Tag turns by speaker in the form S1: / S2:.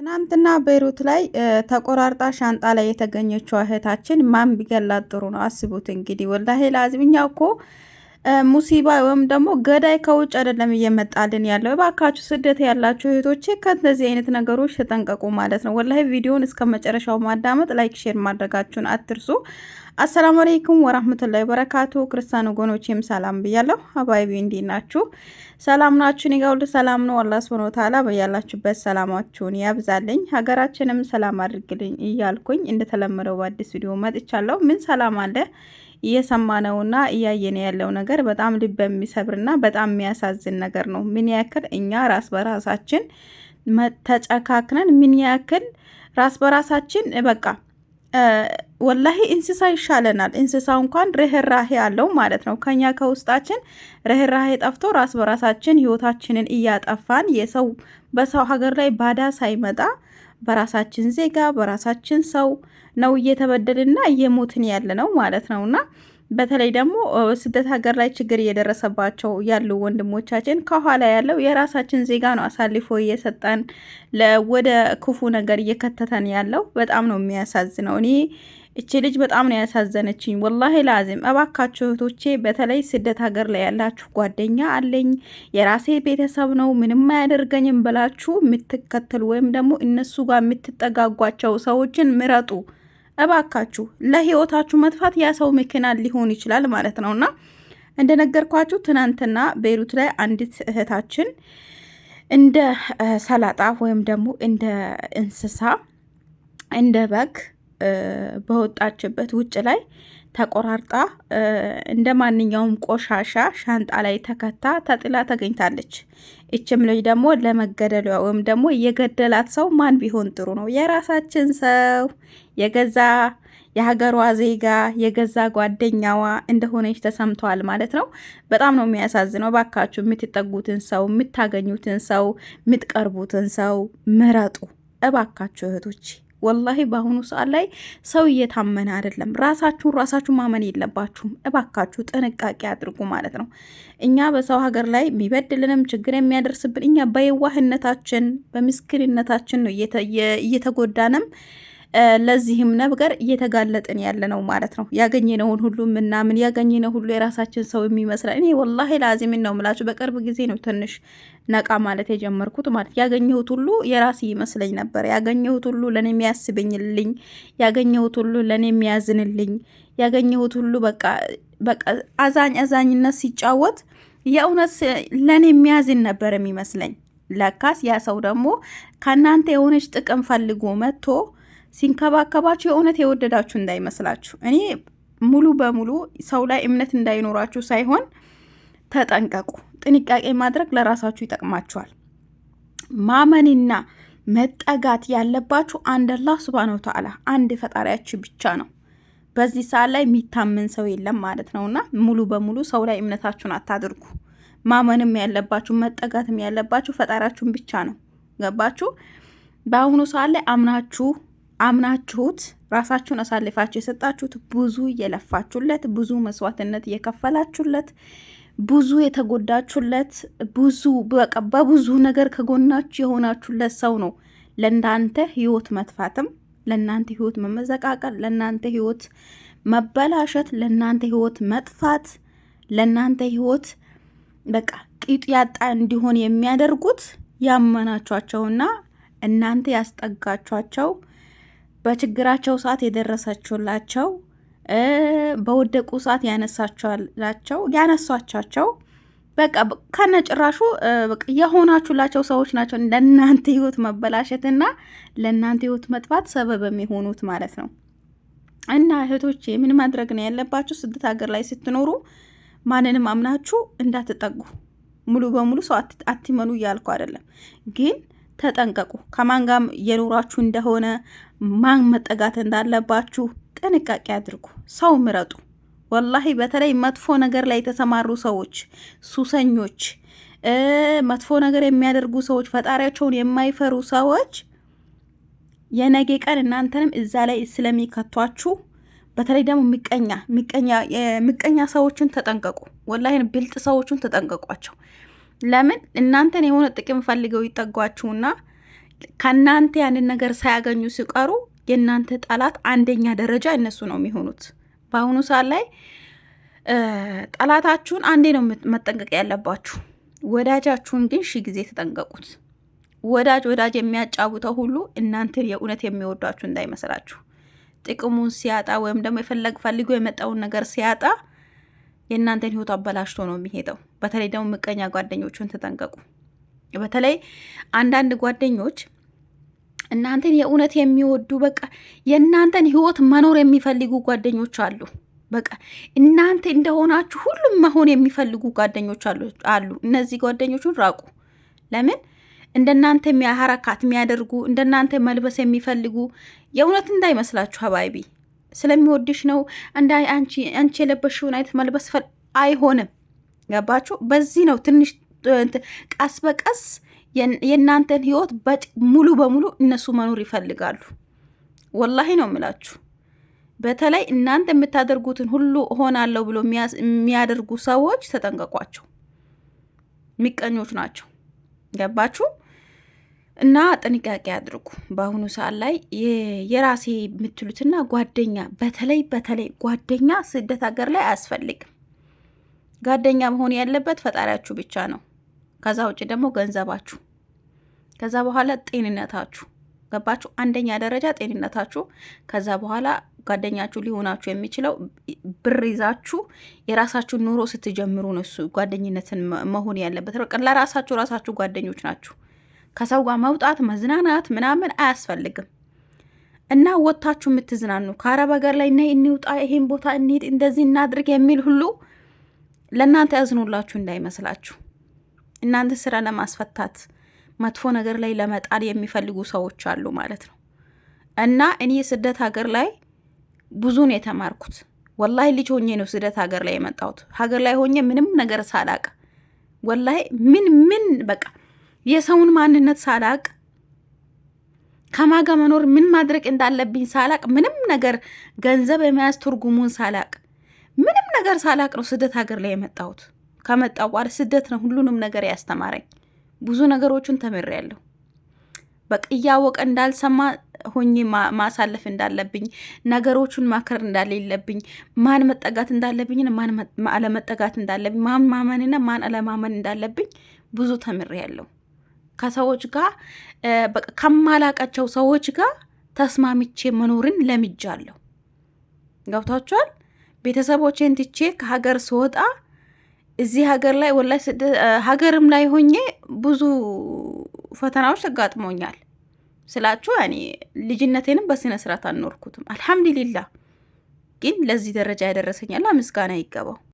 S1: ትናንትና ቤይሩት ላይ ተቆራርጣ ሻንጣ ላይ የተገኘችው እህታችን ማን ቢገላት ጥሩ ነው? አስቡት እንግዲህ ወላሂ ላዝብኛ እኮ ሙሲባ ወይም ደግሞ ገዳይ ከውጭ አይደለም እየመጣልን ያለው። እባካችሁ ስደት ያላችሁ እህቶቼ ከእንደዚህ አይነት ነገሮች ተጠንቀቁ ማለት ነው። ወላሂ ቪዲዮን እስከ መጨረሻው ማዳመጥ፣ ላይክ፣ ሼር ማድረጋችሁን አትርሱ። አሰላሙ አለይኩም ወራህመቱላሂ ወበረካቱ። ክርስቲያን ወገኖቼም ሰላም ብያለሁ። አባይቢ እንዴት ናችሁ? ሰላም ናችሁን? እኔ ሰላም ነው። አላህ ሱብሃነሁ ወተዓላ በያላችሁበት ሰላማችሁን ያብዛልኝ፣ ሀገራችንም ሰላም አድርግልኝ እያልኩኝ እንደተለመደው በአዲስ ቪዲዮ መጥቻለሁ። ምን ሰላም አለ እየሰማነውና እያየነ ያለው ነገር በጣም ልብ የሚሰብርና በጣም የሚያሳዝን ነገር ነው። ምን ያክል እኛ ራስ በራሳችን ተጨካክነን፣ ምን ያክል ራስ በራሳችን በቃ ወላሂ እንስሳ ይሻለናል። እንስሳ እንኳን ርህራሄ አለው ማለት ነው። ከኛ ከውስጣችን ርህራሄ ጠፍቶ ራስ በራሳችን ህይወታችንን እያጠፋን የሰው በሰው ሀገር ላይ ባዳ ሳይመጣ በራሳችን ዜጋ በራሳችን ሰው ነው እየተበደልና እየሞትን ያለ ነው ማለት ነውና በተለይ ደግሞ ስደት ሀገር ላይ ችግር እየደረሰባቸው ያሉ ወንድሞቻችን ከኋላ ያለው የራሳችን ዜጋ ነው አሳልፎ እየሰጠን ወደ ክፉ ነገር እየከተተን ያለው በጣም ነው የሚያሳዝነው። እኔ እቺ ልጅ በጣም ነው ያሳዘነችኝ። ወላሂ ላዚም እባካችሁ እህቶቼ፣ በተለይ ስደት ሀገር ላይ ያላችሁ ጓደኛ አለኝ የራሴ ቤተሰብ ነው ምንም አያደርገኝም ብላችሁ የምትከተሉ ወይም ደግሞ እነሱ ጋር የምትጠጋጓቸው ሰዎችን ምረጡ። እባካችሁ ለህይወታችሁ መጥፋት ያ ሰው መኪና ሊሆን ይችላል ማለት ነውና እንደነገርኳችሁ ትናንትና ቤይሩት ላይ አንዲት እህታችን እንደ ሰላጣ ወይም ደግሞ እንደ እንስሳ እንደ በግ በወጣችበት ውጭ ላይ ተቆራርጣ እንደ ማንኛውም ቆሻሻ ሻንጣ ላይ ተከታ ተጥላ ተገኝታለች። እችም ልጅ ደግሞ ለመገደሏ ወይም ደግሞ የገደላት ሰው ማን ቢሆን ጥሩ ነው? የራሳችን ሰው የገዛ የሀገሯ ዜጋ የገዛ ጓደኛዋ እንደሆነች ተሰምተዋል ማለት ነው። በጣም ነው የሚያሳዝነው። ባካችሁ የምትጠጉትን ሰው፣ የምታገኙትን ሰው፣ የምትቀርቡትን ሰው ምረጡ እባካችሁ እህቶቼ። ወላሂ በአሁኑ ሰዓት ላይ ሰው እየታመነ አይደለም። ራሳችሁን ራሳችሁ ማመን የለባችሁም። እባካችሁ ጥንቃቄ አድርጉ ማለት ነው። እኛ በሰው ሀገር ላይ የሚበድልንም ችግር የሚያደርስብን እኛ በየዋህነታችን በምስኪንነታችን ነው እየተጎዳንም ለዚህም ነገር እየተጋለጥን ያለ ነው ማለት ነው። ያገኘነውን ሁሉ ምናምን ያገኘነው ሁሉ የራሳችን ሰው የሚመስላል። እኔ ወላሂ ላዚምን ነው ምላችሁ። በቅርብ ጊዜ ነው ትንሽ ነቃ ማለት የጀመርኩት ማለት ያገኘሁት ሁሉ የራሴ ይመስለኝ ነበር። ያገኘሁት ሁሉ ለእኔ የሚያስብኝልኝ፣ ያገኘሁት ሁሉ ለእኔ የሚያዝንልኝ፣ ያገኘሁት ሁሉ በቃ በቃ አዛኝ አዛኝነት ሲጫወት የእውነት ለእኔ የሚያዝን ነበር የሚመስለኝ። ለካስ ያ ሰው ደግሞ ከእናንተ የሆነች ጥቅም ፈልጎ መጥቶ ሲንከባከባችሁ የእውነት የወደዳችሁ እንዳይመስላችሁ። እኔ ሙሉ በሙሉ ሰው ላይ እምነት እንዳይኖራችሁ ሳይሆን ተጠንቀቁ። ጥንቃቄ ማድረግ ለራሳችሁ ይጠቅማችኋል። ማመንና መጠጋት ያለባችሁ አንድ አላህ ሱብሃነሁ ወተዓላ አንድ ፈጣሪያችሁ ብቻ ነው። በዚህ ሰዓት ላይ የሚታመን ሰው የለም ማለት ነውና ሙሉ በሙሉ ሰው ላይ እምነታችሁን አታድርጉ። ማመንም ያለባችሁ መጠጋትም ያለባችሁ ፈጣሪያችሁን ብቻ ነው። ገባችሁ? በአሁኑ ሰዓት ላይ አምናችሁ አምናችሁት ራሳችሁን አሳልፋችሁ የሰጣችሁት ብዙ እየለፋችሁለት፣ ብዙ መስዋዕትነት እየከፈላችሁለት፣ ብዙ የተጎዳችሁለት፣ ብዙ በቃ በብዙ ነገር ከጎናችሁ የሆናችሁለት ሰው ነው ለእናንተ ህይወት መጥፋትም ለእናንተ ህይወት መመዘቃቀል፣ ለእናንተ ህይወት መበላሸት፣ ለእናንተ ህይወት መጥፋት፣ ለእናንተ ህይወት በቃ ቂጡ ያጣ እንዲሆን የሚያደርጉት ያመናችኋቸውና እናንተ ያስጠጋችኋቸው በችግራቸው ሰዓት የደረሰችላቸው፣ በወደቁ ሰዓት ያነሳችኋላቸው ያነሷቻቸው በቃ ከነ ጭራሹ የሆናችሁላቸው ሰዎች ናቸው ለእናንተ ህይወት መበላሸትና ለእናንተ ህይወት መጥፋት ሰበብ የሚሆኑት ማለት ነው። እና እህቶቼ ምን ማድረግ ነው ያለባችሁ? ስደት ሀገር ላይ ስትኖሩ ማንንም አምናችሁ እንዳትጠጉ። ሙሉ በሙሉ ሰው አትመኑ እያልኩ አይደለም፣ ግን ተጠንቀቁ። ከማን ጋር የኖራችሁ እንደሆነ ማን መጠጋት እንዳለባችሁ ጥንቃቄ አድርጉ። ሰው ምረጡ። ወላሂ በተለይ መጥፎ ነገር ላይ የተሰማሩ ሰዎች፣ ሱሰኞች፣ መጥፎ ነገር የሚያደርጉ ሰዎች፣ ፈጣሪያቸውን የማይፈሩ ሰዎች የነገ ቀን እናንተንም እዛ ላይ ስለሚከቷችሁ በተለይ ደግሞ ምቀኛ ምቀኛ ሰዎችን ተጠንቀቁ። ወላሂ ብልጥ ሰዎችን ተጠንቀቋቸው። ለምን እናንተን የሆነ ጥቅም ፈልገው ይጠጓችሁና ከእናንተ ያንን ነገር ሳያገኙ ሲቀሩ የእናንተ ጠላት አንደኛ ደረጃ እነሱ ነው የሚሆኑት። በአሁኑ ሰዓት ላይ ጠላታችሁን አንዴ ነው መጠንቀቅ ያለባችሁ። ወዳጃችሁን ግን ሺ ጊዜ ተጠንቀቁት። ወዳጅ ወዳጅ የሚያጫውተው ሁሉ እናንተን የእውነት የሚወዷችሁ እንዳይመስላችሁ። ጥቅሙን ሲያጣ ወይም ደግሞ የፈለግ ፈልጎ የመጣውን ነገር ሲያጣ የእናንተን ሕይወት አበላሽቶ ነው የሚሄደው። በተለይ ደግሞ ምቀኛ ጓደኞችን ተጠንቀቁ። በተለይ አንዳንድ ጓደኞች እናንተን የእውነት የሚወዱ በቃ የእናንተን ህይወት መኖር የሚፈልጉ ጓደኞች አሉ። በቃ እናንተ እንደሆናችሁ ሁሉም መሆን የሚፈልጉ ጓደኞች አሉ። እነዚህ ጓደኞቹን ራቁ። ለምን እንደናንተ ሀረካት የሚያደርጉ እንደናንተ መልበስ የሚፈልጉ የእውነት እንዳይመስላችሁ ሀባይቢ ስለሚወድሽ ነው። እንዳ አንቺ የለበሽውን አይነት መልበስ አይሆንም። ገባችሁ? በዚህ ነው ትንሽ ቀስ በቀስ የእናንተን ህይወት ሙሉ በሙሉ እነሱ መኖር ይፈልጋሉ። ወላሂ ነው የምላችሁ። በተለይ እናንተ የምታደርጉትን ሁሉ እሆናለሁ ብሎ የሚያደርጉ ሰዎች ተጠንቀቋቸው። ምቀኞች ናቸው። ገባችሁ? እና ጥንቃቄ አድርጉ። በአሁኑ ሰዓት ላይ የራሴ የምትሉትና ጓደኛ በተለይ በተለይ ጓደኛ ስደት ሀገር ላይ አያስፈልግም። ጓደኛ መሆን ያለበት ፈጣሪያችሁ ብቻ ነው። ከዛ ውጭ ደግሞ ገንዘባችሁ፣ ከዛ በኋላ ጤንነታችሁ። ገባችሁ? አንደኛ ደረጃ ጤንነታችሁ። ከዛ በኋላ ጓደኛችሁ ሊሆናችሁ የሚችለው ብር ይዛችሁ የራሳችሁን ኑሮ ስትጀምሩ ነው። እሱ ጓደኝነትን መሆን ያለበት በቃ ለራሳችሁ ራሳችሁ ጓደኞች ናችሁ። ከሰው ጋር መውጣት መዝናናት ምናምን አያስፈልግም። እና ወጥታችሁ የምትዝናኑ ከአረብ ሀገር ላይ ነይ እንውጣ፣ ይሄን ቦታ እንሂድ፣ እንደዚህ እናድርግ የሚል ሁሉ ለእናንተ ያዝኑላችሁ እንዳይመስላችሁ። እናንተ ስራ ለማስፈታት መጥፎ ነገር ላይ ለመጣል የሚፈልጉ ሰዎች አሉ ማለት ነው። እና እኔ ስደት ሀገር ላይ ብዙ ነው የተማርኩት። ወላሂ ልጅ ሆኜ ነው ስደት ሀገር ላይ የመጣሁት። ሀገር ላይ ሆኜ ምንም ነገር ሳላቅ ወላሂ ምን ምን በቃ የሰውን ማንነት ሳላቅ ከማጋ መኖር ምን ማድረግ እንዳለብኝ ሳላቅ ምንም ነገር ገንዘብ የመያዝ ትርጉሙን ሳላቅ ምንም ነገር ሳላቅ ነው ስደት ሀገር ላይ የመጣሁት። ከመጣ በኋላ ስደት ነው ሁሉንም ነገር ያስተማረኝ። ብዙ ነገሮችን ተምሬያለሁ። በቃ እያወቀ እንዳልሰማ ሆኜ ማሳለፍ እንዳለብኝ፣ ነገሮቹን ማከር እንዳሌለብኝ፣ ማን መጠጋት እንዳለብኝ፣ ማን አለመጠጋት እንዳለብኝ፣ ማን ማመንና ማን አለማመን እንዳለብኝ ብዙ ተምሬያለሁ። ከሰዎች ጋር በቃ ከማላቃቸው ሰዎች ጋር ተስማምቼ መኖርን ለምጃለሁ። ገብቷችኋል? ቤተሰቦቼን ትቼ ከሀገር ስወጣ እዚህ ሀገር ላይ ወላሂ ሀገርም ላይ ሆኜ ብዙ ፈተናዎች ተጋጥሞኛል ስላችሁ ያኔ ልጅነቴንም በስነ ስርዓት አልኖርኩትም። አልሐምዱሊላ ግን ለዚህ ደረጃ ያደረሰኛል ምስጋና ይገባው።